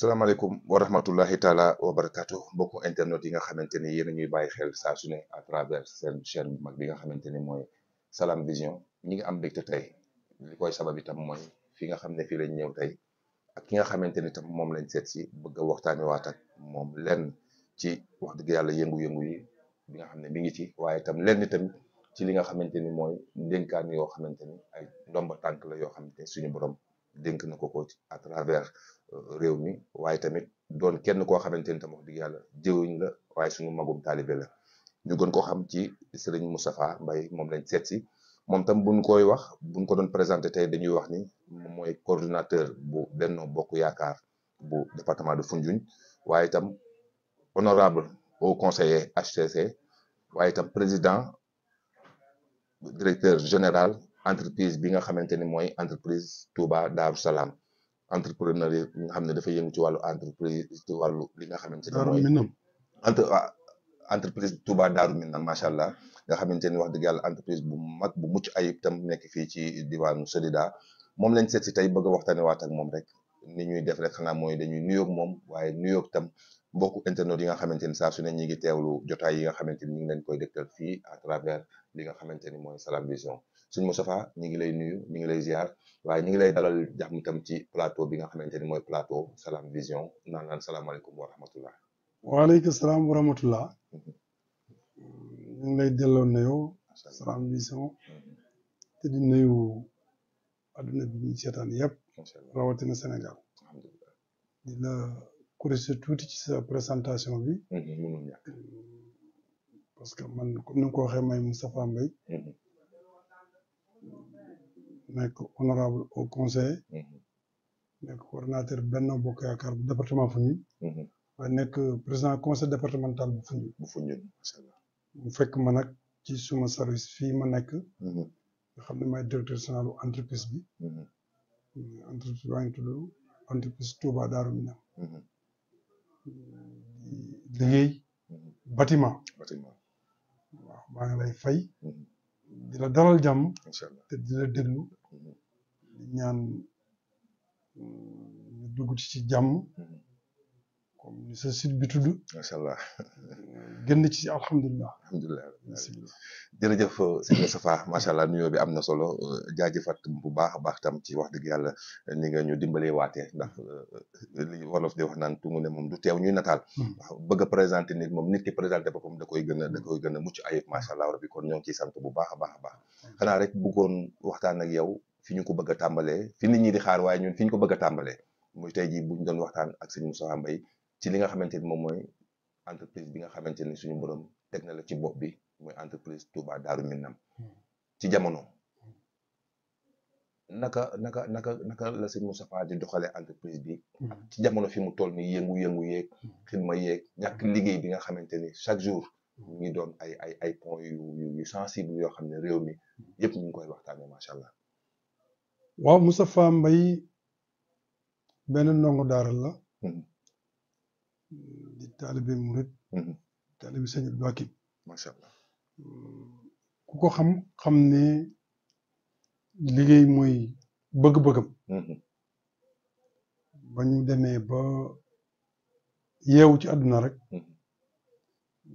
salaamaaleykum wa rahmatullahi taala wa barakaatu mbokku internet yi nga xamante ni yéen ñuy bàyyi xel saa su ne à travers seen chaîne mag bi nga xamante ni mooy salaam Vision ñi ngi am mbégte tey li koy sabab itam mooy fi nga xam ne fii lañ ñëw tey ak ki nga xamante ni tam moom lañ seet si bëgg a waxtaanee waat ak moom lenn ci wax dëgg yàlla yëngu-yëngu yi bi nga xam ne mi ngi ci waaye itam lenn itam ci li nga xamante ni mooy ndénkaan yoo xamante ni ay ndomba tànk la yoo xamante ni suñu borom dénk na ko ko à travers. réew mi waaye tamit doon kenn koo xamante ni tam wax dëgg yàlla jëwiñ la waaye suñu magum taalibe la ñu gën ko xam ci sëriñ Moustapha Mbaye moom lañ seet si moom tam buñ koy wax buñ ko doon présenté tey dañuy wax ni moom mooy coordinateur bu Benno Bokk Yaakaar bu département de Foundiougne waaye tam honorable au conseiller HCC waaye itam président directeur général entreprise bi nga xamante ni mooy entreprise Touba Daaru Salaam entrepreneuriat bi nga xam ne dafa yëngu ci wàllu entreprise ci wàllu li nga xamante ne mooy entre entreprise Touba Daaru Minam macha allah nga xamante ni wax dëgg yàlla entreprise bu mag bu mucc ayib tam nekk fii ci diwaanu Sodida moom lañ seet si tey bëgga a waxtaanee waat ak moom rek ni ñuy def rek xanaa mooy dañuy nuyoog moom waaye nuyoog tam mbokku internet yi nga xamante ni saa su ne ñi ngi teewlu jotaay yi nga xamante ni ñu ngi leen koy dégtal fii à travers li nga xamante ni mooy Salam Vision. suñ Moustapha ñu ngi lay nuyu ñu ngi lay ziar waaye ñu ngi lay dalal jàmm itam ci plateau bi nga xamante ni mooy plateau salaam Vision naan naan salaamaaleykum wa rahmatullah waaleykum salaam wa rahmatullah mhm. ñu ngi lay delloo nuyoo Salam Vision mhm. te di nuyu adduna bi ñuy seetaan yëpp rawatina Sénégal di la corriger tuuti ci sa présentation bi mhm, parce que man comme ni nga ko waxee may nekk honorable au conseil mhm. nekk ordinateur Benno Bokk Yaakaar bu département Foundiougne waaye mhm. nekk président conseil départemental bu Foundiougne bu fekk ma nag ci suma service fii ma nekk mhm. nga xam ne may directeur général entreprise bi euh, entreprise baa ngi tudd entreprise Touba Darou Minam liggéey lay fay di dalal jàmm te di la ñaan mm, ñu dugg ci ci jàmm mm-hmm. comme ni sa site bi tudd. macha allah. Euh, génn ci alhamdulilah. alhamdulilah jërëjëf sëñ Moustapha macha allah nuyoo bi am na solo euh, jaajëfat bu baax a baax tam ci wax dëgg yàlla ni nga ñu dimbalee waatee ndax euh, li wolof di wax naan moom du teew ñuy nataal. ndax hmm. bëgg a présenté nit moom nit ki présenté boppam da koy gën a da koy gën a mucc ayib macha allah kon ñoo ngi ciy sant bu baax a baax a baax hmm. xanaa rek bëggoon waxtaan ak yow fi ñu ko bëgg tàmbalee fi nit ñi di xaar waaye ñun fi ko bëgg a tàmbalee muy tey jii bu ñu doon waxtaan ak sëñ Moustapha Mbaye ci li nga xamante ni moom mooy entreprise bi nga xamante ni suñu borom teg na la ci bopp bi mooy entreprise Touba Darou Minam ci jamono naka naka naka naka la sëñ Moustapha di doxalee entreprise bi ci jamono fi mu toll ni yëngu-yëngu yeeg xidma yeeg ñàkk mm. liggéey bi nga xamante ni chaque jour ñu mm. ngi doon ay ay ay points yu yu yoo xam ne réew mi yëpp ñu ngi koy waxtaanee macha allah. waaw Moustapha Mbaye benn ndongo daara la. Mm-hmm. di taalibe murit mhm. taalibe sëñ Abdou Hakim macha allah mm, ku ko xam xam ne liggéey mooy bëgg-bëggam mhm. ba ñu demee ba yeewu ci àdduna rek mhm.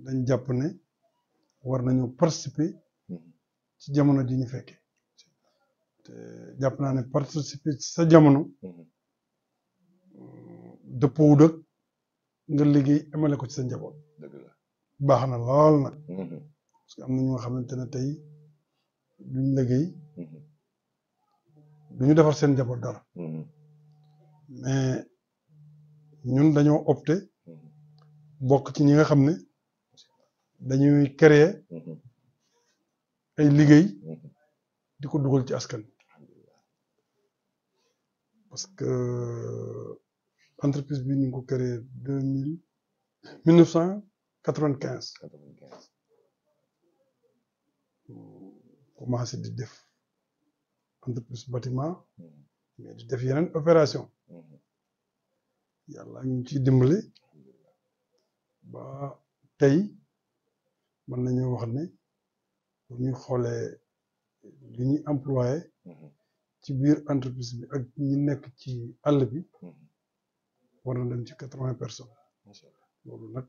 dañ jàpp ne war nañu participer ci jamono ji ñu fekkee te jàpp naa ne participer ci sa jamono dëppoo wut nga liggéey amale ko ci sa njaboot. baax na lool nag. Mm-hmm. parce am na ñoo xamante ne tey duñ liggéey. Mm-hmm. du ñu defar seen njaboot dara. Mm-hmm. mais ñun dañoo opté. bokk ci ñi nga xam ne dañuy créer ay liggéey di ko dugal ci askan parce que entreprise bi ñu ngi ko créé deux mille mille neuf cent di def entreprise bâtiment mais di def yeneen opération yàlla ñu ciy dimbali ba tey mën nañu wax ne bu ñu xoolee li ñuy employé mhm. ci biir entreprise bi ak ñu nekk ci àll bi. Mhm. war na dem ci quatre vingt personnes. macha allah loolu nag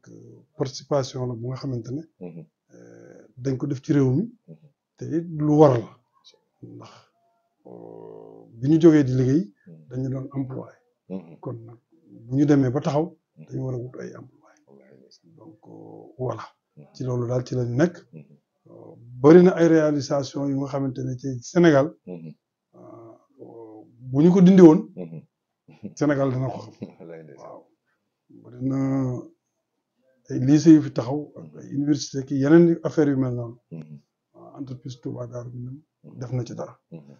participation la bu nga xamante ne. Mm-hmm. Euh, dañ ko def ci réew mi. Mm-hmm. te lu war la. ndax euh, bi ñu jógee di liggéey. Mm-hmm. dañu doon employé. kon nag bu ñu demee ba taxaw. dañu war a wut ay employé. donc euh, voilà. ci loolu daal ci lañu nekk. bëri na ay réalisation yu nga xamante ne ci Sénégal. bu ñu ko dindi woon. Sénégal dana ko xam. dina ay lycée yu fi taxaw ak ay université ki yeneen affaire yu mel noonu mm-hmm. entreprise Touba Darou Minam mm-hmm. def na ci dara mm-hmm.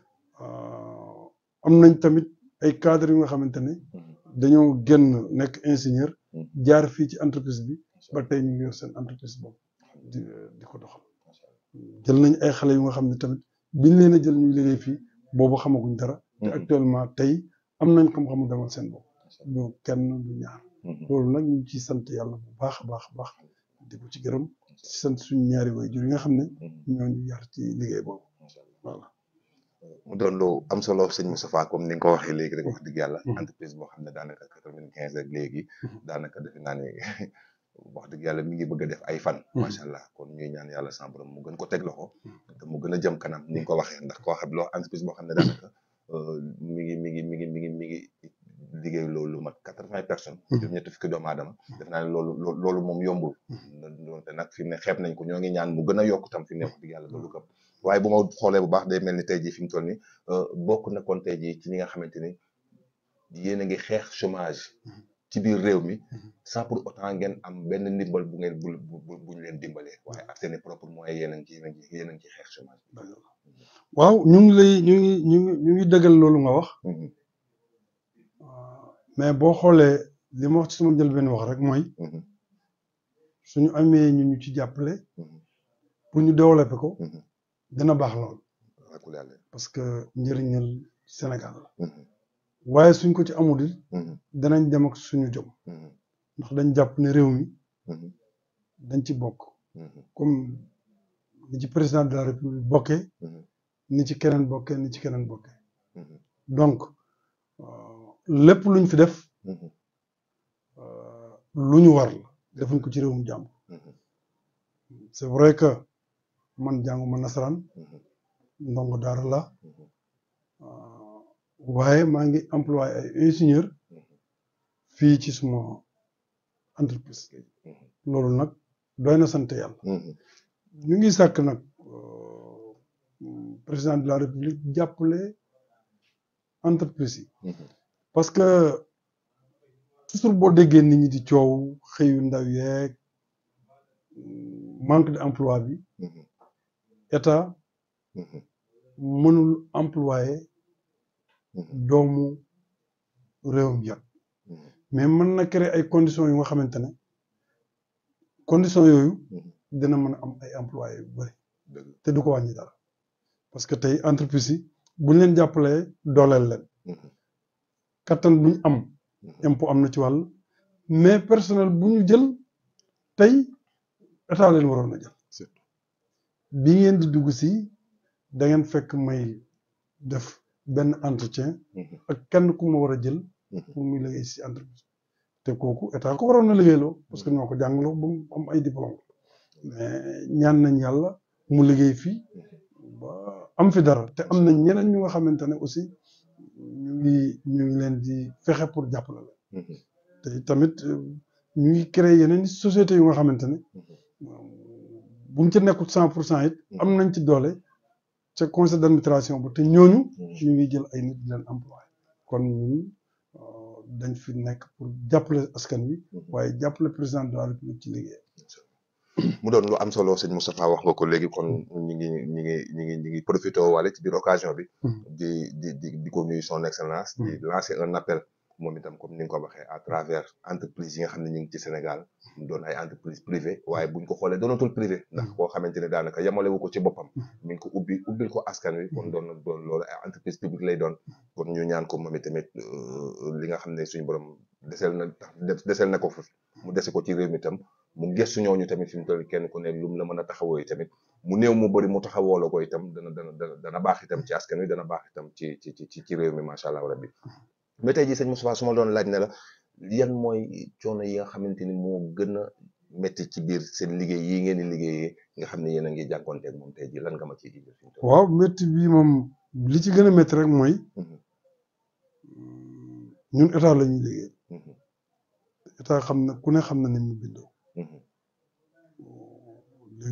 am nañ tamit ay cadre yu nga xamante ne dañoo génn nekk ingénieur jaar fii ci entreprise bi ba tey ñu ngi yor seen entreprise boobu di di ko doxal jël nañ ay xale yu nga xam ne tamit biñ leen a jël ñu liggéey fii boobu xamaguñ dara te actuellement tey am nañ xam-xamu demal seen bopp du kenn du ñaar Mm-hmm. loolu nag ñu ngi ciy sant yàlla bu baax a baax a baax di ko ci gërëm ci sant suñu ñaari waajur yi nga xam ne mm-hmm. ñoo ñu yar ci liggéey mu doon lu am solo sëñ Moustapha comme ni nga ko waxee léegi rek wax dëgg yàlla. Mm-hmm. entreprise bo xam ne daanaka quatre-vingt-quinze ak léegi. daanaka defe wax dëgg yàlla mi ngi bëgg a def ay fan. macha allah kon ñuy ñaan yàlla sama mu gën ko teg loxo. te gën a jëm kanam ni nga ko waxee ndax koo xam loo entreprise boo xam ne daanaka euh, mi ngi mi mi mi ngi mi ngi liggéey lool lu mat. quatre-vingts personnes mhm. juróom-ñetti fukki doomu aadama def moom yombul mhm. doonte nag fi mu ne nañ ko ñoo ngi ñaan mu gën a yokk fi mu ne lu kam mhm. waaye bu xoolee bu baax day mel ni tey jii fi euh, na kon tey jii ci ñi nga xamante ni yéen a ngi xeex chômage ci biir réew mi sans pour autant ngeen am benn ndimbal bu ngeen bu buñ leen dimbalee waaye ak seen i propre moyens yéen a ngi ci yéen a ngi ci xeex chômage waaw ñu lay ñu ngi ñu ngi ñu ngi nga wax mais boo xoolee li ma wax ci jël njëlbeen wax rek mooy mhm. suñu amee ñu ñu ci jàppale mhm. pour ñu développer ko mhm. dina baax lool parce que njëriñal Sénégal la waaye suñ ko ci amul di danañ dem suñu jom ndax dañ jàpp ne réew mi dañ ci bokk comme ni ci président de la république bokkee ni ci keneen bokkee ni ci keneen bokkee donc euh, lépp luñ fi def mhm. euh, lu ñu war la defuñ ko ci réewum jàmm mhm. c'est vrai que man jànguma nasaraan mhm. ndongo daara la euh, waaye maa ngi employé ay fii ci suma entreprise loolu nag doy na sant yàlla ngi sàkk nag euh, président de la république jàppale entreprise yi parce que toujours boo déggee ni ñi di coow xëyu ndaw yeeg manque d'emploi bi mhm. état mhm. mënul employé mhm. doomu réewum yar mais mën na créer ay conditions yu nga xamante ne conditions yooyu dina mën a am ay employé yu bëri te du ko wàññi dara parce que tey entreprise yi buñ leen jàppalee dooleel leen kattan bu ñu am mm-hmm. impôt am na ci wàll mais personnel bu ñu jël tey état leen waroon na jël bi ngeen di dugg si da ngeen fekk may def benn entretien mm-hmm. ak kenn ku ma war a jël mm-hmm. pour muy liggéey si entreprise te kooku état ko waroon na liggéeyloo parce que ñoo ko jàngaloo ba am ay diplôme mais ñaan nañ yàlla mu liggéey fii ba am fi dara te am na ñeneen ñu nga xamante ne aussi ñu ngi ñu ngi leen di fexe pour jàppale la mm-hmm. te tamit euh, ñu ngi créé yeneen société yu nga xamante ne mm-hmm. buñ ci nekkul cent pour cent it mm-hmm. am nañ ci doole ca conseil d'administration ba te ñooñu ñu ngi jël ay nit leen employé kon ñun euh, dañ fi nekk pour jàppale askan wi waaye jàppale président de la république ci liggéey mu doon lu am solo sëñ Moustapha wax nga ko léegi kon ñu ngi ñu ngi ñu ngi ñu ngi profité waale ci biir bi. Hmm. di di di di ko nuyu son excellence. di hmm. lancer un appel moom itam comme ni nga ko waxee à travers entreprise yi nga xam ne ñu ngi ci Sénégal doon ay entreprise privée waaye buñ ko xoolee doonatul privé ndax koo xamante ne daanaka yamalewu ko ci boppam. Hmm. mi ngi ko ubbi ubbil ko askan wi kon doon na doon loolu ay entreprise publique lay doon kon ñu ñaan ko moom itamit euh, li nga xam ne suñu borom desel na desel na ko mu dese ko ci réew mi itam mu gëstu ñooñu tamit fi toll kenn ku ne lu la mën a taxawoo tamit mu néew mu bëri mu taxawoo la ko itam dana dana dana dana baax itam ci askan wi dana baax itam ci ci ci ci réew mi macha allah rabbi ba tey jii sëñ Moustapha su ma doon laaj ne la yan mooy coono yi nga xamante ni moo gën a métti ci biir seen liggéey yi ngeen di liggéeyee nga xam ne yéen a ngi jànkuwanteeg moom tey lan nga ma ciy ji. waaw métti bi moom li ci gën a métti rek mooy mhm. ñun état la ñuy liggéey mhm. état xam na ku ne xam na ni mu bindoo.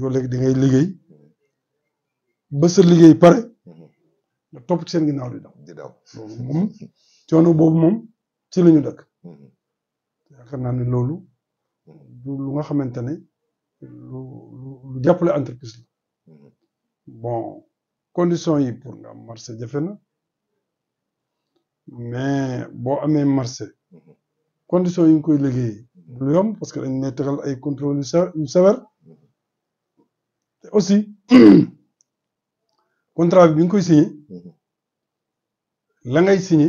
di léegi di ngay liggéey ba liggéey pare mm-hmm. nga topp ci seen ginnaaw di daw. di daw moom coono boobu moom ci la ñu dëkk. Mm-hmm. yaakaar naa ne loolu mm-hmm. du lu nga xamante ne lu lu jàppale entreprise la bon condition yi pour nga am marché jafe na mais boo amee marché condition yi nga koy liggéey du lu yomb parce que dañ ne tegal ay contrôle yu aussi contrat bi bi nga koy signé mhm. la ngay signé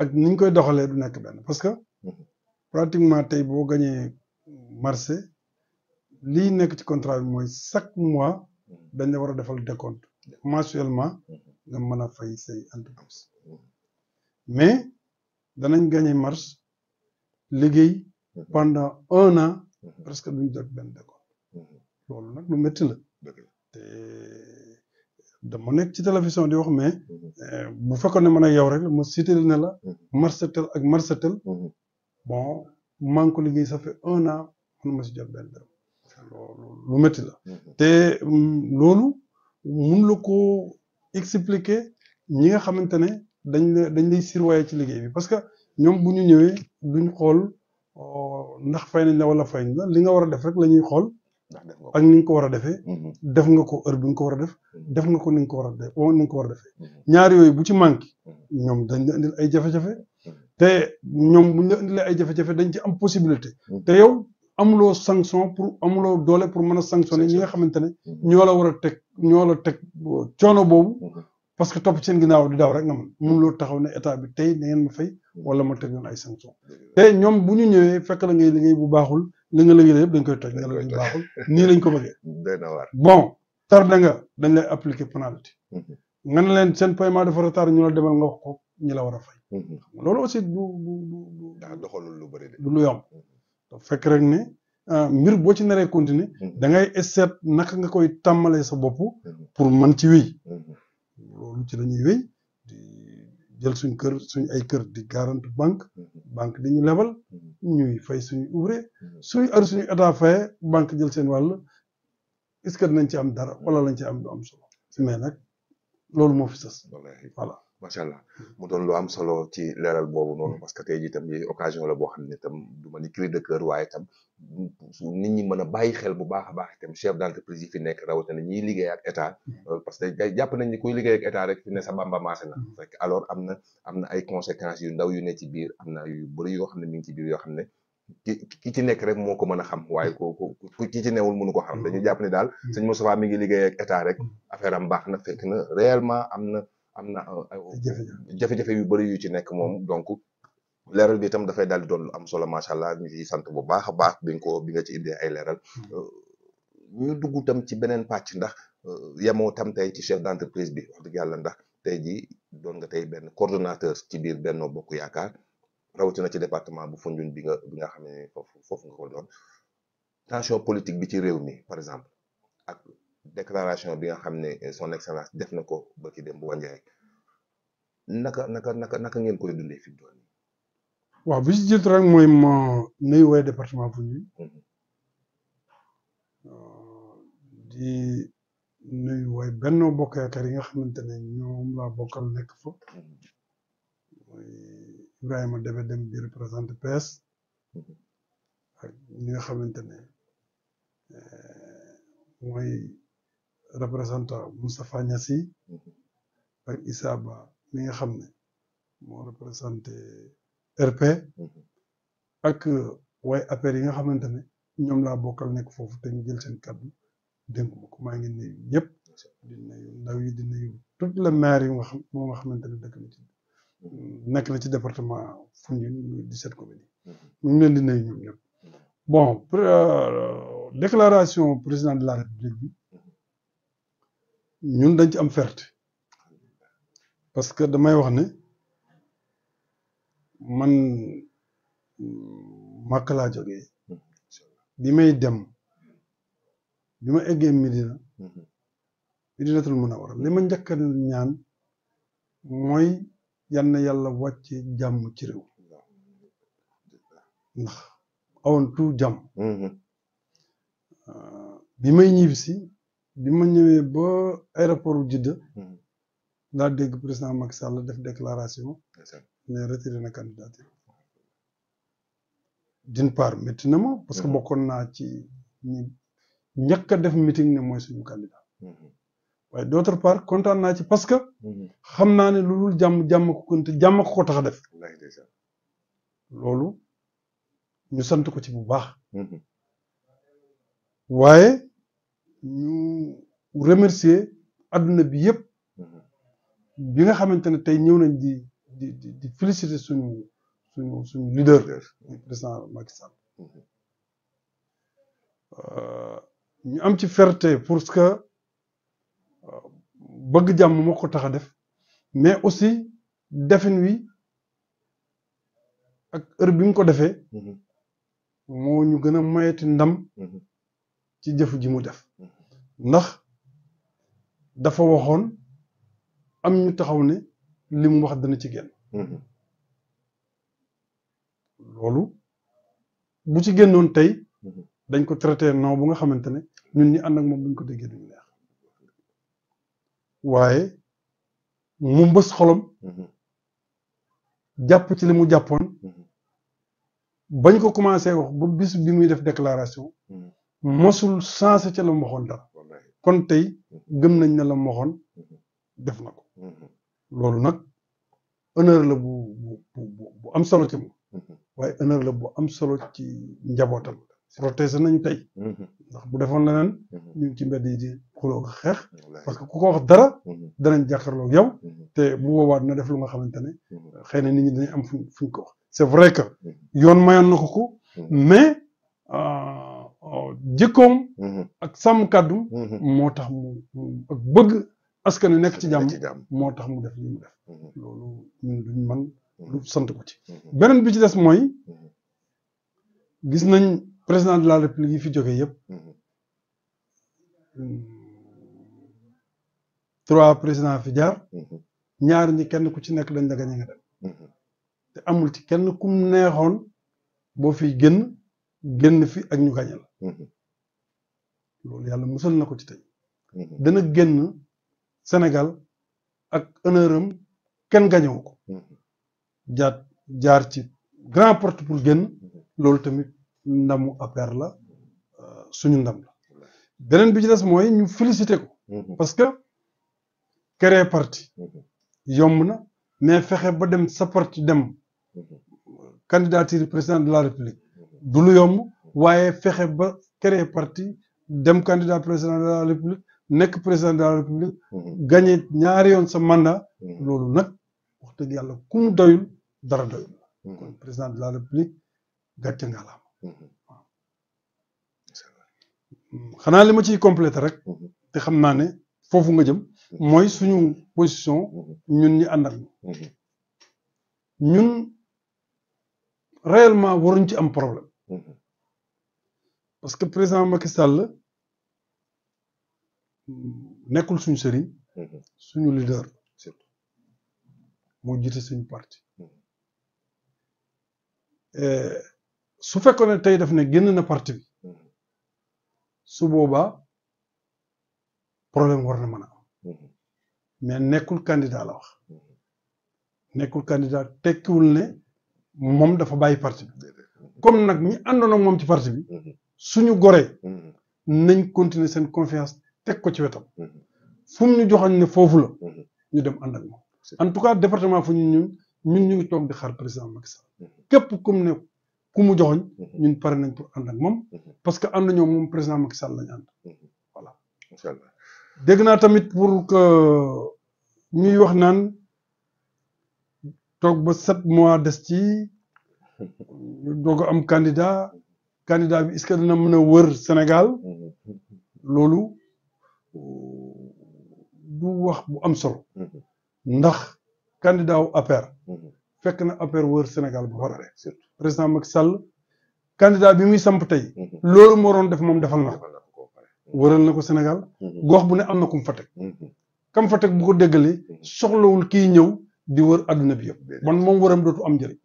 ak ni ñu koy doxalee du nekk benn parce que mhm. pratiquement tey boo gañee marché li nekk ci contrat bi mooy chaque mois mhm. dañ la war a defal décompte mensuellement nga mën a fay say entreprise mais danañ gagné marché liggéey pendant un an presque duñ jot benn décompte loolu nag lu métti la te dama nekk ci télévision di wax mais mhm. eh, bu fekkoon ne man ak yow rek ma cité ne la mhm. marsetel ak marsetel mhm. bon liggéey ça fait ma si jot métti la te mm, loolu mun la ko expliquer ñi nga xamante ne dañ la dañ lay surveiller ci liggéey bi parce que ñoom bu ñu ñëwee duñ xool oh, ndax fay nañ la wala fay nañ li nga war a def rek la ñuy xool ak ni nga ko war a defee. Mhm. def nga ko heure bi nga ko war a def. Mhm. def nga ko ni nga ko war a def ni nga ko war a defee. Mhm. ñaar yooyu bu ci manqué. ñoom dañ la indil ay jafe-jafe. te ñoom bu la indilee ay jafe-jafe ci am possibilité. te yow amuloo sanction pour amuloo doole pour mën a sanctionner ñi nga xamante ne. ñoo la war a teg ñoo la teg coono boobu. parce que topp seen ginnaaw di daw rek nga mën mënuloo taxaw ne état bi tey na ngeen ma fay wala ma teg leen ay sanction te ñoom bu ñu ñëwee fekk la ngay liggéey bu baaxul. li nga liggéey yëpp dañ koy toj nga lañ baaxul nii lañ ko bëggee bon tardé nga dañ lay appliquer pénalité mhm. nga ne leen seen paiement dafa retard ñu la demal nga wax ko ñi la war a fay mhm. loolu aussi bu bu bu doxalul lu bëri de du lu yomb mhm. fekk rek ne ah, mbir boo ci naree continuer da ngay seet naka nga koy tàmmalee sa bopp pour man ci wéy loolu ci lañuy wéy jël suñ kër suñ ay kër di garanti banque mhm. banque di ñu lebal mhm. ñuy fay suñu ouvrier mhm. suñu ar suñu état faye banque jël seen wàll est-ce que nañ ci am dara wala lañ ci am du am solo mais nag loolu moo fi sës macha allah hmm. mu doon lu am solo ci leeral boobu noonu hmm. parce que tey jii tam yooyu occasion la boo xam ne tam du ma ni de cœur waaye tam su nit ñi mën a bàyyi xel bu baax a baax itam chef d'entreprise yi fi nekk rawatina ñiy liggéey ak état hmm. euh, parce que jàpp nañ ni kuy liggéey ak état rek ne sa bamba maase na am na am na ay yu ndaw yu ci biir am na yu bëri yoo xam ne mi ngi ci biir yoo xam ne ki ci nekk rek moo ko mën a xam waaye ko ko ki ci newul mënu ko xam dañu jàpp ne daal sëñ Moustapha mi ngi liggéey ak état rek affaire am baax na fekk na réellement am na am na uh, uh, jafe-jafe yu bëri yu ci nekk moom donc leeral bi tam dafay daal di doon lu am solo macha allah ñu ciy bu baax a baax bi nga bi nga ci indee ay leeral hmm. euh, ñu dugg tam ci beneen pàcc ndax euh, yemoo tam tey ci chef d'entreprise bi wax dëgg yàlla ndax tey ji doon nga tey benn coordonnateur ci biir Benno Bokk Yaakaar rawatina ci département bu Foundiougne bi nga bi nga xam ne foofu foofu nga ko doon tension politique bi ci réew mi par exemple déclaration bi nga xam ne son excellence def na ko ba ci dem bu wanjaay naka naka naka naka ngeen koy dundee fi mu toll bi ci rek mooy ma nuyu waa département Foundiougne mm-hmm. euh, di nuyu waay Benno Bokk Yaakaar yi nga xamante ne ñoom nekk fa mm-hmm. mooy Ibrahima Debe mm-hmm. ak ñi nga xamante ne euh, mooy représentant Moustapha Niassi mm-hmm. ak Issa Ba nga xam ne moo représenté RP mm-hmm. ak euh, waaye affaire yi nga xamante ne ñoom laa bokkal nekk foofu te ñu jël seen kàddu dénk ma ko maa ngi nuyu ñëpp di nuyu ndaw yi di nuyu toute maire yi nga xam moo xamante ne dëkk na ci mm-hmm. nekk na ci département Foundiougne muy 17 communes ñu ngi leen di nuyu ñoom ñëpp bon euh, déclaration président de la république ñun dañ ci am ferte parce que damay wax ne man màkk laa jógee bi may dem bi ma eggee Medina Medinatul Munawwara li ma njëkk ñaan mooy yal na yàlla wàcce jàmm ci réew ndax awoon tu jàmm mm-hmm. bi may ñibbisi bi ma ñëwee ba aéroport bu Jidda hmm. laa dégg président Macky Sall def déclaration ne retiré na candidature d'une part métti na ma parce que hmm. bokkoon naa ci ñi a def meeting ne mooy suñu candidat hmm. waaye d' part kontaan naa ci parce que xam naa ne lu dul jàmm jàmm ko jàmm ko ko tax a def loolu ñu sant ko ci bu baax waaye ñu remercier adduna bi yëpp mhm. bi nga xamante ne tey ñëw nañ di di di féliciter suñu suñu suñu leader président Macky Sall mhm. euh, ñu am ci ferte pour que euh, bëgg jàmm moo ko tax a def mais aussi defin wi ak heure bi mu ko defee mhm. moo ñu gën a mayati ndam ci jëfu ji mu def ndax dafa waxoon am ñu taxaw ne li mu wax dana ci génn mm-hmm. loolu bu ci génnoon tey mm-hmm. dañ ko traité non bu nga xamante ne ñun ñi ànd ak moom buñ ko déggee duñu neex waaye mu mbës xolom mm-hmm. jàpp ci li mu jàppoon bañ ko commencé wax ba bis bi muy def déclaration mosul sensé ca la mu waxoon dara kon tey mm-hmm. gëm nañ na la moxoon mm-hmm. def na ko mm-hmm. loolu nag honneur la bu bu bu am solo ci moom waaye honneur la bu am solo ci njabootam protesté nañu tey ndax bu defoon leneen ñu ngi ci mbedd yi di xuloo ko xeex parce que ku ko wax dara danañ jàkkaarloog yow te bu boobaa na def lu nga xamante ne xëy na nit ñi dañu am fu fuñ ko wax c'est vrai que yoon mayoon na ko ko mais ah, jikkoom mm-hmm. ak sàmm kàddu mm-hmm. moo tax mu bëgg askan wi nekk ci jàmm moo tax mu def li mu def mm-hmm. loolu ñun man lu sant ko ci beneen bi ci des mooy gis nañ président de la république yi fi jóge yëpp hmm. trois président fi jaar ñaar ñi kenn ku ci nekk dañ la gañe nga dem te amul ci kenn kum neexoon boo fi génn génn fi ak ñu gañe la Mm-hmm. loolu yàlla musal na ko ci tey. Mm-hmm. dana génn Sénégal ak honneur am kenn gañewu ko. Mm-hmm. jaar ci grand porte pour génn loolu tamit ndamu APR la euh, suñu ndam la beneen bi ci des mooy ñu félicité ko. parce que créer parti yomb na mais fexe ba dem sa parti dem candidature président de la république du lu yomb. waaye fexe ba créer parti dem candidat président de la république nekk président de la république mhm. gagné ñaari yoon sa mandat mhm. loolu nag wax dëgg yàlla ku doyul dara doyul mhm. président de la république gàcce nga xanaa li ma ciy complété rek te xam naa ne foofu nga jëm mooy suñu position ñun ñi ànd ak ñun réellement waruñ ci am problème parce que président Macky Sall nekkul suñu sëriñ mhm. suñu leader moo jiite suñu parti mhm. eh, su fekkoon ne tey daf ne génn na parti bi mhm. su boobaa problème war na mën a am mais nekkul candidat la wax nekkul candidat tekkiwul ne moom dafa bàyyi parti bi comme nag ñi àndoon ak moom ci parti bi suñu goree mm-hmm. nañ continuer seen confiance teg ko ci wetam mm-hmm. fu ñu joxoñ ne foofu la mm-hmm. ñu dem ànd ak moom en tout cas département fu ñu ñu ñun ñu ngi toog di xaar président Macky Sall képp kum ne ku mu joxoñ ñun pare nañ pour ànd ak moom parce que ànd ñoo moom président Macky Sall lañu ànd voilà incha allah dégg naa tamit pour que ñuy wax naan toog ba sept mois des ci doog am candidat candidat bi est-ce que dina mën a wër Sénégal loolu du wax bu am solo ndax candidat wu APR fekk na APR wër Sénégal bu farare président Macky Sall candidat bi muy samp tey loolu moo def moom defal na ko wëral na ko Sénégal gox bu ne am na ku mu fa teg kam fa teg bu ko déggalee soxlawul kii ñëw di wër adduna bi yëpp bon moom wëram dootu am njëriñ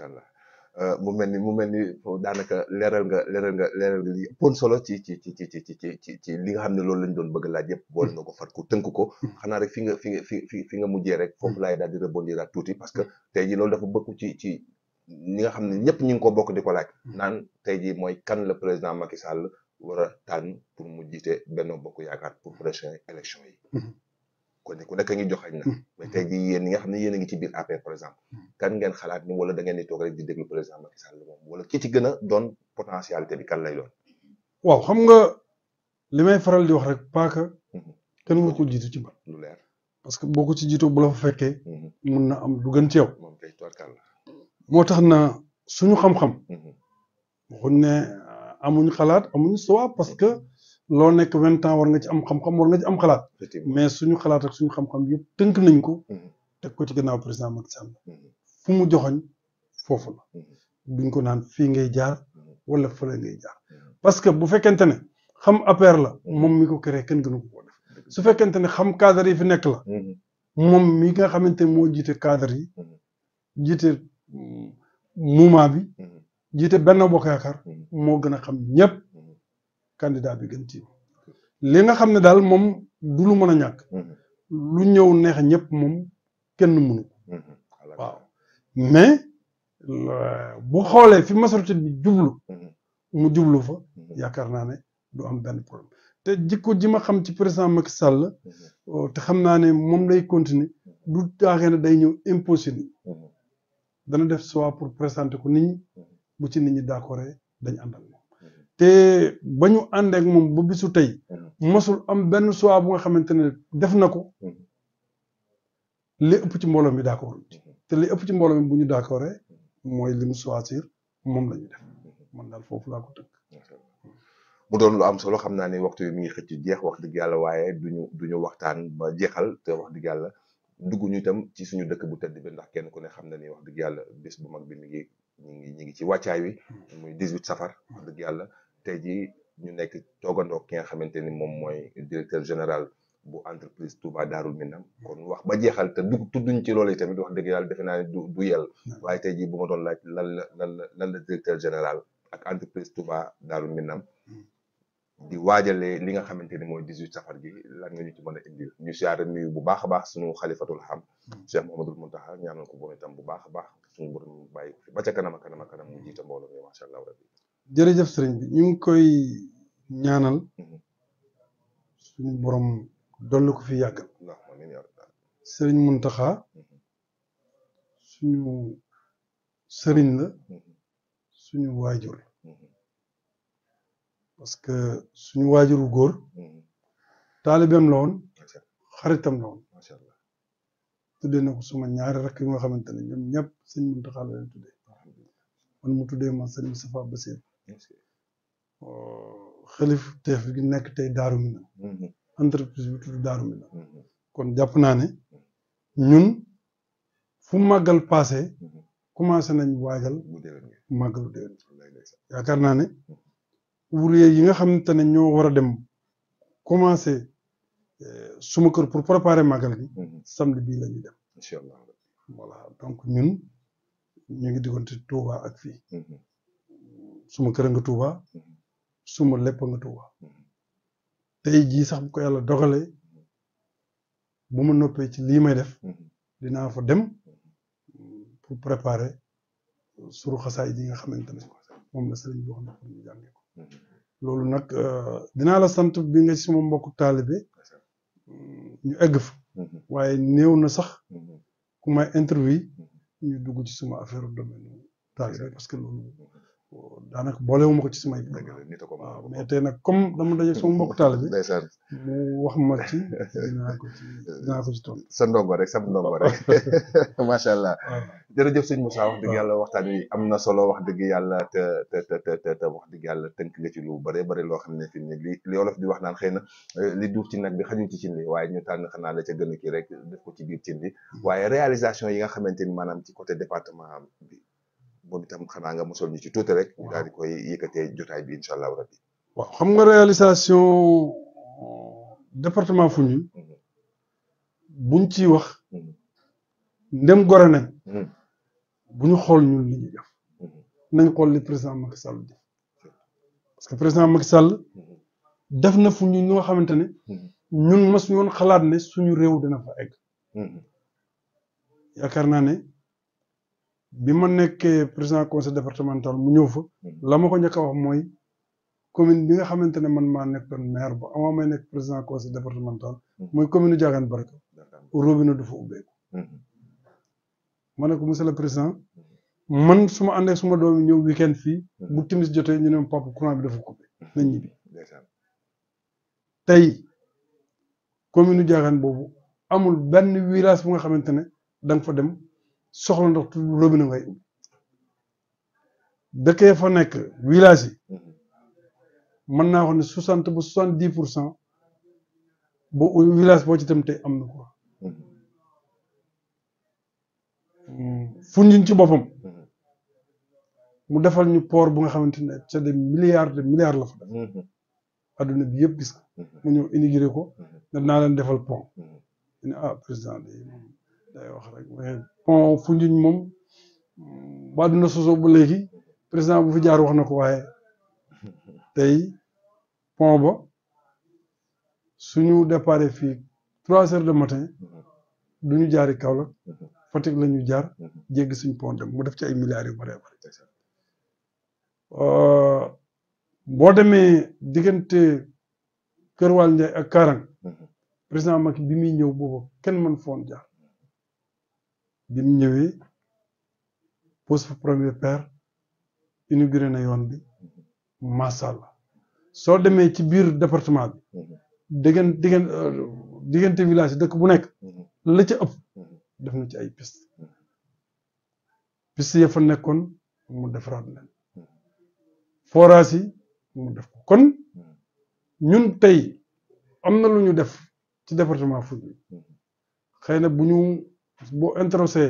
voilà. Euh, mu mel ni mu mel ni daanaka leeral nga leeral nga leeral nga li ëppoon solo ci ci ci ci ci ci ci li nga xam ne loolu lañ doon bëgg laaj yëpp boole nga ko fat ko tënk ko hmm. xanaa rek fi nga fi nga fi nga mujjee rek foofu hmm. laay daal di rebondir ak tuuti parce que hmm. tey ji loolu dafa bëgg ci ci ñi nga xam ne ñëpp ñu ngi ko bokk di ko laaj naan tey ji mooy kan la président Macky Sall war a tànn pour mu jiite Benno Bokk Yaakaar pour prochaine élection yi kon ku nekk ngi joxañ na hmm. mais tey jii yéen ñi nga xam ne yéen ngi ci biir APR par exemple hmm. kan ngeen xalaat ni wala da ngeen toog rek di déglu président Macky ki ci gën waaw xam nga li may faral di wax rek paaka hmm. kenn war ko jiitu ci mbar lu leer parce que boo ko ci jiitoo bu la fa fekkee mun na am du gën ci yow moom kay tubarkàlla moo tax na suñu xam-xam waxuñ ne euh, amuñ xalaat amuñ soi parce que loo nekk vingt ans war nga ci am xam-xam war nga ci am xalaat. mais suñu xalaat ak suñu xam-xam yëpp tënk nañ ko. Mm-hmm. teg ko ci gannaaw président Macky Sall. Mm-hmm. fu mu joxoñ foofu la. Mm-hmm. ko naan fii ngay jaar wala fële parce que bu fekkente ne xam APR la moom mi ko créé kenn gënu ko koo def su fekkente ne xam cadre yi fi nekk la. moom mi nga xamante moo jiite cadre yi jiite mm, mouvement bi jiite benn bokk yaakaar moo gën a xam ñëpp candidat bi gën tiim li nga xam ne daal moom du lu mën a ñàkk mhm. lu ñëw neex ñëpp moom kenn mënu mhm. waaw mais bu xoolee fi majorité ci jublu mhm. mu jublu fa yaakaar naa ne du am benn problème te jikko ji ma xam ci président Macky Sall oh, te xam naa ne moom lay continuer du taaxee na day ñëw imposé ni dana def soit pour présenter ko nit bu ci nit ñi d'accord dañ àndal te ba ñu àndeek moom ba bisu tey masul mm-hmm. am benn choix bu nga xamante ne def na ko mm-hmm. li ëpp ci mbooloom mi d'accord mm-hmm. te li ëpp ci mbooloo mi bu ñu d'accordee mooy li mu choisir moom la ñu def man daal foofu laa ko tënk. mu doon lu am solo xam naa ne waxtu bi mi ngi xëcc jeex wax dëgg yàlla waaye duñu duñu waxtaan ba jeexal te wax dëgg yàlla dugg ñu itam ci suñu dëkk bu tedd bi ndax kenn ku ne xam na ni wax dëgg yàlla bés bu mag bi mi ngi ñu ngi ñu ngi ci wàccaay wi muy 18 safar wax dëgg yàlla. tey jii ñu nekk toogandoo ki nga xamante ni moom mooy directeur général bu entreprise Touba daarul Minam kon wax ba jeexal te du tudduñ ci loolu tamit dëgg yàlla defe naa ne du du yell hmm. waaye tey jii bu doon laaj lan la lan la lan la directeur général ak entreprise Touba Darou Minam hmm. di waajalee li nga xamante ni mooy 18 safar gi lan nga ñu ci mën a indil ñu siyaare nuyu bu baax a baax suñu xalifatul xam hmm. Cheikh Mouhamadul Mountakha ñaanal ko moom itam bu baax a baax suñu borom bàyyi ko fi ba ca kanam a kanam a kanam mu jërëjëf sëriñ bi ñu ngi koy ñaanal mhm. suñu borom dolli ko fi yàggal sëriñ Muntaxa mhm. suñu sëriñ la mhm. suñu waajur parce que suñu waajur wu góor taalibeem la woon xaritam la woon tuddee na ko suma ñaari rekk yi nga xamante ne ñoom ñëpp sëñ Muntaxa la leen tuddee man mu tuddee ma sëñ Moustapha Bassirou Oh, xalif teef gi nekk tey Daaru Minam mm-hmm. entreprise bi tudd Daaru Minam mm-hmm. kon jàpp naa ne ñun fu màggal passé mm-hmm. commencé nañ waajal màggalu déwén yaakaar naa ne ouvrier yi nga xamante ne ñoo war a dem commencé eh, suma kër pour préparer màggal gi samedi bii la ñuy dem incha donc ñun ñu ngi Touba ak fii suma kër a nga Touba mm-hmm. suma lépp a nga Touba mm-hmm. tey jii sax ko yàlla dogalee mm-hmm. bu ma noppee ci lii may def dinaa fa dem pour préparer suru xasaay yi nga xamante ne moom la sëriñ bi wax na pour ko loolu nag euh, dinaa la sant bi nga ci suma mbokku taalibe ñu egg fa waaye néew na sax ku may interview ñu dugg ci suma affaire domaine taalibe parce que loolu daanaka boolewu ma ko ci samay. dëgg nit a ko ma mais tey nag comme dama daje sama mbokk taal bi. ndeysaan wax ma ci dinaa ko sa ndongo rek sa ndongo rek macha allah. jërëjëf sëñ Moussa wax dëgg yàlla waxtaan wi am na solo wax dëgg yàlla te te te te wax dëgg yàlla tënk nga ci lu bëree bëri loo xam ne fi mu ne li li wolof di wax naan xëy na eh, li duuf ci nag bi xajul ci cin li waaye ñu tànn xanaa la ca gën a kii rek def ko ci biir ci li hmm. waaye réalisation yi nga xamante ni maanaam ci côté département bi. boobu itam xanaa nga mosal ñu ci tuuti rek. ñu daal di koy yëkkatee jotaay bi incha allahu rabbi. waaw xam nga réalisation euh, département Foundiougne. Mhm. buñ ci wax. Mhm. ndem gore nañ. Mhm. bu ñu xool ñun li ñuy nañ xool li président Macky Sall def parce que président Macky Sall. def na fu ñoo xamante ne. ñun mas ñu woon xalaat ne suñu réew dina fa egg. yaakaar naa ne. bi ma nekkee président conseil départemental mu ñëw fa mm. la ma ko njëkk a wax mooy commune bi nga xamante ne man maa nekkoon maire ba avant may nekk président conseil départemental mm. mooy commune Diagane Barka robinet du fa ubbeeku mm-hmm. ma ne ko monsieur le président man su ma àndee suma doom ñëw weekend fii mm-hmm. bu timis jotee ñu ne ma papa bi dafa coupé mm-hmm. nañ ñibbi commune Diagane boobu amul benn village bu nga xamante ne da fa dem soxla ndox robinet way dëkk ya fa nekk village yi mën naa wax ne soixante ba soixante dix pour cent bu village boo ci tam tey am na ko Foundiougne ci boppam mu defal ñu poor bu nga xamante ne c'est des milliards de milliards la fa def adduna bi yëpp gis ko mu ñëw inauguré ko ne mhm. naa leen defal pont mhm. ñu ah président day wax rek mais pont Foundiougne moom mm, ba àdduna soso ba léegi président bu fi jaar wax na ko waaye tey pont ba suñu départ fii trois heures de matin mhm. du ñu mhm. jaar Kaolack Fatick la ñu jaar jéggi suñ pont dem mu def ci ay milliards yu bare bare euh, boo demee diggante Kër Waal Ndiaye ak Karang mhm. président Macky bi muy ñëw boobu kenn mën foon jaar bi ñëwee pose fa première pierre inauguré na yoon bi macha allah soo demee ci biir département bi mhm. diggan diggan diggante village dëkk bu nekk mhm. la ca ëpp mhm. def na ci ay piste piste ya fa nekkoon mu defaraat leen forage yi mu def ko kon ñun tey am na lu ñu def ci département Foundiougne xëy na bu ñu boo interrogé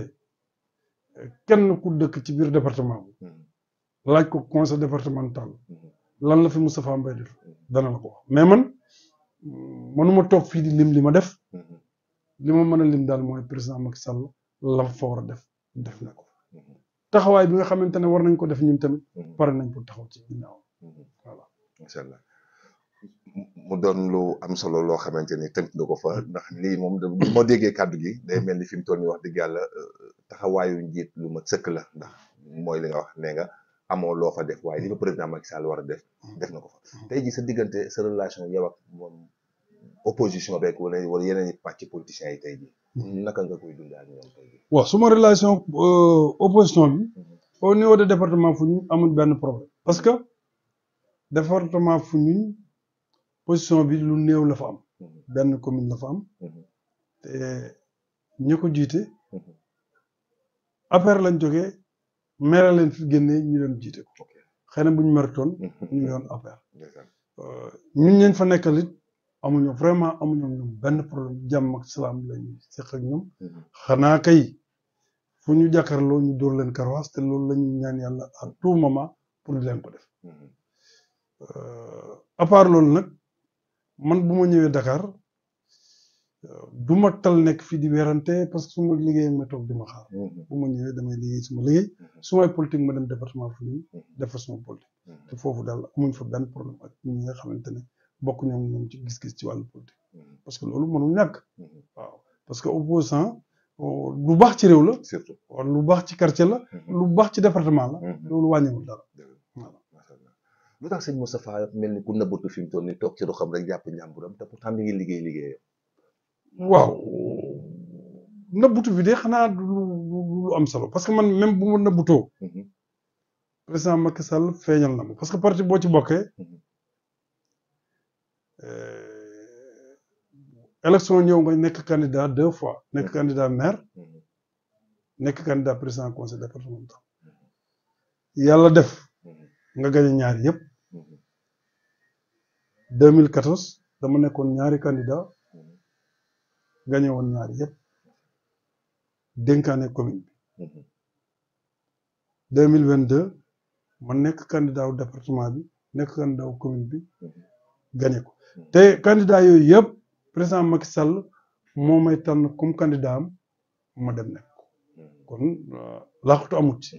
kenn ku dëkk ci biir département hmm. laaj ko conseil départemental hmm. lan la fi Moustapha Mbaye def hmm. dana la ko mais man mënuma toog fii di lim li ma def li ma mën a lim daal mooy président Macky Sall la fa war a def def na ko taxawaay bi nga xamante ne war nañ ko def ñun tamit pare nañ ko taxaw ci ginnaaw voilà. macha allah. mu doon lu am solo loo xamante ni tënk na ko fa mm. ndax lii moom da moo déggee kàddu gi day mel ni fi mu toll nii wax dëgg yàlla euh, taxawaayu njiit lu ma sëkk la ndax mooy li nga wax nee nga amoo loo fa def waaye li fa mm. président Macky Sall war a def mm. def na ko fa tey jii sa diggante sa relation yow ak moom opposition beeg wala wala yeneen i parti politiciens yi tey jii naka nga koy dundee ak suma relation euh, opposition bi mm-hmm. au niveau de département fu ñu amul benn problème parce que département fu ñu position bi lu néew la fa am mhm. benn commune la fa am mhm. te ña ko jiite mhm. affaire lañ joge mere leen fi génnee ñu dem jiite ko xëy na bu ñu mertoon ñu yoon affaire ñu ñeen fa nekkal it amuñu vraiment amuñu ñoom benn problème jàmm ak salaam lañu seq ak ñoom xanaa kay fu ñu jàkkaarloo ñu dóor leen karawaas te loolu la ñaan yàlla à tout moment pour di ko def euh, à part loolu man bu ma ñëwee Dakar du ma tal nekk fii di werante parce que su ma liggéey ma toog di ma xaar. Mm-hmm. bu ma ñëwee damay liggéey suma ma liggéey mm-hmm. su may politique ma dem département Foundiougne mm-hmm. def fa suma politique. te foofu daal amuñ fa benn problème ak ñi nga xamante ne bokk ñoom ñoom ci gis-gis ci wàllu politique. parce que loolu mënul ñàkk. waaw parce que opposant oh, lu baax ci réew la. surtout lu baax ci quartier la. lu baax ci département la. loolu wàññiwul dara. lu tax sëñ Moustapha mel ni ku nëbbatu fi mu toll nii toog ci roxam rek jàpp njàmburam te pourtant mi ngi liggéey liggéeyam. waaw nëbbatu bi de xanaa du lu am solo parce que man même bu ma nëbbutoo. Mhm. président Macky Sall feeñal na ma parce que parti boo ci bokkee. Mhm. Euh, élection ñëw nga nekk candidat deux fois nekk mhm. candidat maire nekk candidat président conseil départemental yàlla def nga gañe ñaar yëpp 2014 dama nekkoon ñaari candidat gañe woon ñaari yëpp dénkaane commune bi mhm. ma nekk candidat wu bi nekk candidat commune bi mhm. gañe ko mhm. te candidat yooyu yëpp président Macky Sall moo may tànn comme candidat am ma dem nekk kon euh, laaxutu amut ci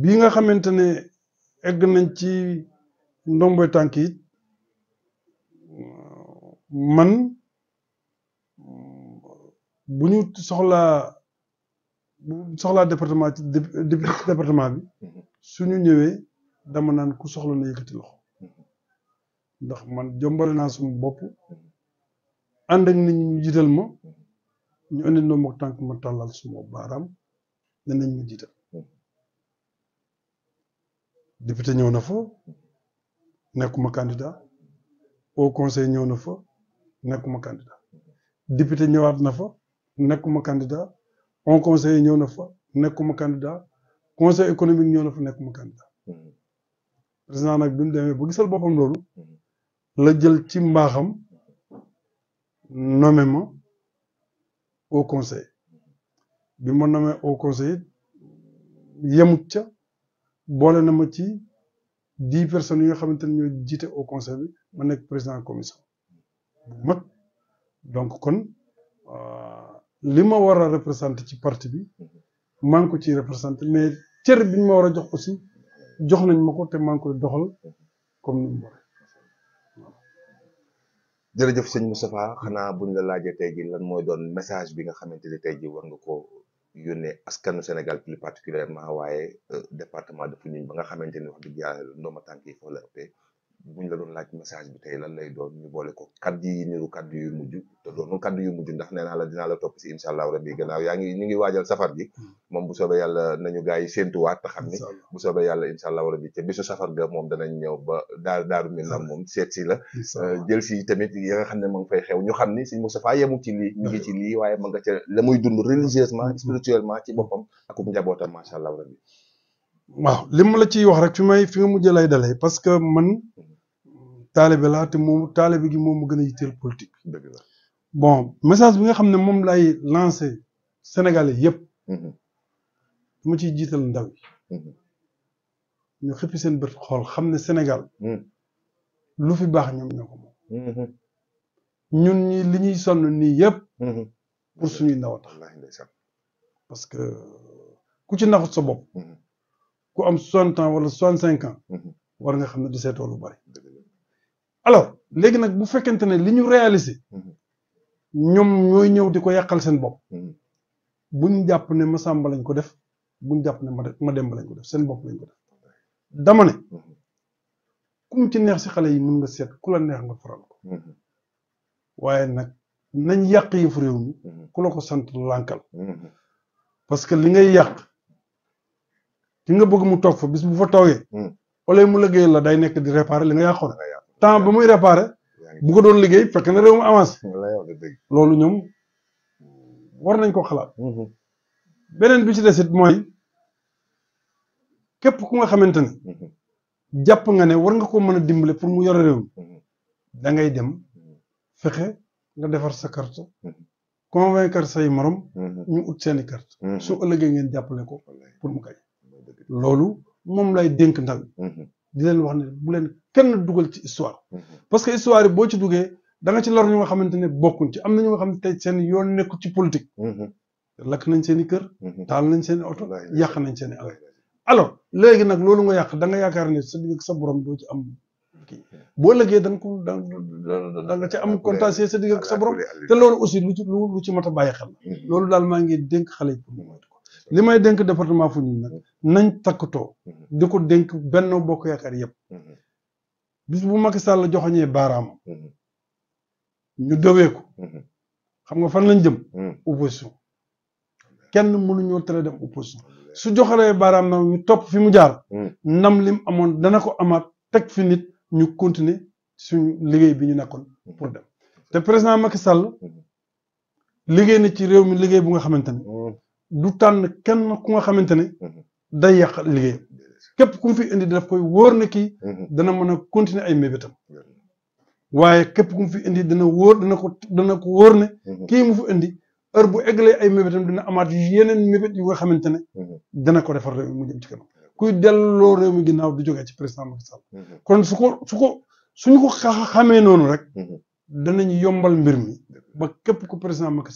bi nga xamante ne egg nañ ci ndomboy tànk yi man bu ñu soxlaa soxlaa département ci département bi mhm. suñu ñëwee dama naan ku soxla na yëkkati loxo mhm. ndax man jombale naa suñu bopp mhm. ànd ak nit ñu jiital ma ñu indi ndoom ak tànk ma tàllal suma baaraam ne nañ ma jiital député ñëw na fa nekkuma candidat au conseil ñëw na fa nekkuma candidat député ñëwaat na fa nekkuma candidat on conseiller ñëw na fa nekkuma candidat conseil économique ñëw na fa nekkuma candidat président nag bi mu demee ba gisal boppam loolu la jël ci mbaaxam nommé ma au conseil bi ma nommé au conseil yemut ca boole na ma ci dix personnes yi nga xamante ne ñoo jiite au conseil bi ma nekk président commission bu mag donc kon euh, li ma war a représenté ci parti bi maa ngi ko ciy représenté mais cere bi ñu ma war a jox aussi jox nañ ma ko te maa ngi koy doxal comme ni mu waree. jërëjëf sëñ Moustapha xanaa buñ la laajee tey ji lan mooy doon message bi nga xamante ne tey ji war nga ko yónnee askanu Sénégal plus particulièrement waaye euh, département de Foundiougne ba nga xamante ni wax dëgg yàlla ndooma tànk yi foofu la ëppee buñ la doon laaj message bi tey la lay doon ñu boole ko kaddu yi niru kaddu yu mujj te doonul kaddu yu mujj ndax nee la dinaa la topp si incha allahu rabi gannaaw yaa ngi ñu ngi waajal safar bi hmm. moom bu soobee yàlla nañu gars yi séentuwaat te xam moom danañ ñëw ba daar daaru min naan moom seet si la euh, jël si tamit ya nga xam ne ma ngi fay xew ñu xam ni suñ Moustapha yemul ci lii ngi ci hmm. lii waaye ma nga ca la muy dund religieusement hmm. spirituellement ci boppam akum njabootam macha allahu rabi waaw li la ciy wax rek fi may fi nga taalibe laa te moom taalibe gi moom mu gën a yitteel politique. dëgg la bon message bi nga xam ne moom lay lancé Sénégalais yëpp. Mhm. dama ciy jiital ndaw yi. Mhm. ñu xippi seen bët xool xam ne Sénégal. Mhm. lu fi baax ñoom ñoo ko moom. ñun ñi li sonn nii yëpp. pour suñuy ndaw a tax. parce que ku ci naxut sa bopp. ku am soixante ans wala soixante cinq ans. war nga xam ne di seetoo lu bari. alors léegi nag bu fekkente ne li ñu réalisé mhm. ñoom ñooy ñëw di ko yàqal seen bopp mhm. buñ jàpp ne ma sàmba lañ ko def buñ jàpp ne ma demba lañ ko def seen bopp lañ ko def dama ne mhm. kum ci neex si xale yi mën nga seet ku la neex nga faral ko waaye nag nañ yàq yëfu réew mi ku la ko sant lànkal parce que li ngay yàq ki nga bëgg mu toog fa bis bu fa toogee wala mu liggéey la day nekk di réparer li nga yàqoon temps ba muy réparé bu ko doon liggéey fekk na réew mu avancé loolu ñoom war nañ ko xalaat mm-hmm. beneen bi ci des desit mooy képp ku nga xamante ne mm-hmm. jàpp nga ne war nga koo mën a dimbale pour mu yore réew mi mm-hmm. da ngay dem fexe nga defar sa carte convaincre say morom ñu ut seeni kart su ëllëgee ngeen jàppale ko pour mu kay loolu moom lay dénk ndaw di leen wax ne bu leen kenn dugal ci histoire mhm. parce que histoire boo ci duggee da nga ci lor ñu nga xamante ne bokkuñ ci am na ñu nga xam ne tey seen yoon nekku ci politique mhm. lakk nañ seen i kër mhm. taal nañ seen i oto yàq nañ seen i alal alors léegi nag loolu nga yàq da nga yaakaar ne sa digg sa borom doo ci am boo lëggee danga ko da da nga ci am contentieux sa digg sa borom te loolu aussi lu ci lu ci mat a bàyyi xel loolu daal maa ngi dénk xale yi pour li may dénk département Foundiougne nag mm-hmm. nañ takkutoo mm-hmm. di ko dénk benn Bokk Yaakaar yëpp mm-hmm. bis bu Macky sàll joxoñee baaraam ñu dawee ko xam nga fan lañ jëm opposition kenn mënuñoo tere dem opposition su joxalee baaraam na ñu topp fi mu jaar nam lim amoon dana ko amaat teg fi nit ñu continuer suñu liggéey bi ñu nekkoon pour dem te président Macky Sall liggéey na ci réew mi liggéey bu nga xamante ne du tànn kenn ku nga xamante ne mhm. day yàq liggéeyam képp ku fi indi def koy wóor ne kii mhm. dana mën a continuer ay mébétam waaye képp ku mu fi indi dana wóor dana ko dana ko wóor ne mhm. kii mu fi indi heure bu eggalee ay mébétam dina amaat yeneen mébét yu nga xamante ne dana ko defar réew mi mu jëm ci kanam kuy delloo réew mi ginnaaw du jógee ci président Macky Sall kon su ko su ko suñu ko xamee noonu rek danañ yombal mbir mi ba képp ku président Macky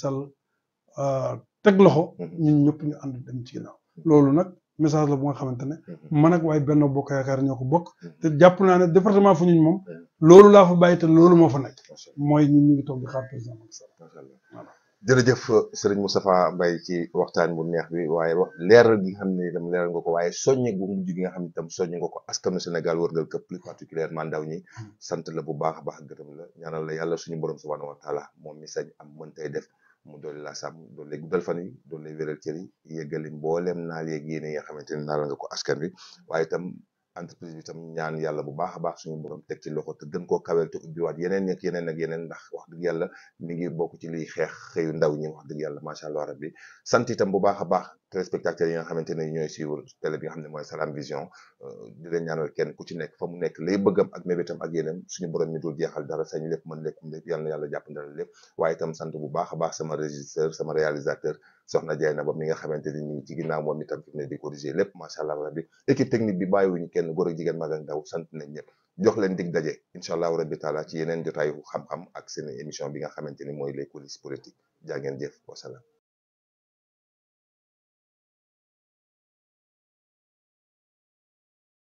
euh, teg loxo mhm. ñu ñëpp ñu ànd dem ci ginnaaw loolu nag message la bu nga xamante ne mhm. man ak waaye Benno Bokk Yaakaar ñoo ko bokk mhm. te jàpp naa ne département fu ñun moom loolu laa fa bàyyi te loolu moo fa nekk mooy ñun ñu ngi toog jërëjëf sëriñ Moustapha Mbaye ci waxtaan bu neex bi waaye wax leeral gi xam ne itam leeral nga ko waaye soññe gu mujj nga xam ne itam soññe nga ko askanu Sénégal wërngal këpp plus particulièrement ndaw ñi sant la bu baax a baax gërëm la ñaanal la yàlla suñu borom subhanahu wa taala moom mi sañ am mën tey def mu doole la sàmm doole lay guddal fan yi doole lay wéral cër yi yëggali mbooleem naal yeeg yéene yi nga xamante ne naa la ko askan wi waaye itam entreprise bi tam ñaan yàlla bu baax a baax suñu borom teg ci loxo te gën koo kaweel te ubbiwaat yeneen ak yeneen ak yeneen ndax wax dëgg yàlla mi ngi bokk ci liy xeex xëyu ndaw ñi wax dëgg yàlla macha allah bi sant itam bu baax a baax téléspectateurs yi nga xamante ne ñooy suivre télé bi nga xam ne mooy Salam Vision euh, di leen ñaanal kenn ku ci nekk fa mu nekk lay bëggam ak mébétam ak yeneen suñu borom mi dul jeexal dara sañ lépp mën lépp lépp yal yàlla jàpp ndala lépp waaye itam sant bu baax a baax sama régisseur sama réalisateur soxna Diayna ba mi nga xamante ni ñu ngi ci ginnaaw moom itam fi mu ne di corriger lépp macha allah rabbi équipe technique bi bàyyiwuñu kenn góor ak jigéen mag ak ndaw sant nañ ñëpp jox leen dig daje incha allah rabbi taala ci yeneen jotaayu xam-xam ak seen émission bi nga xamante ni mooy les coulisses politiques jaa ngeen jëf wasalaam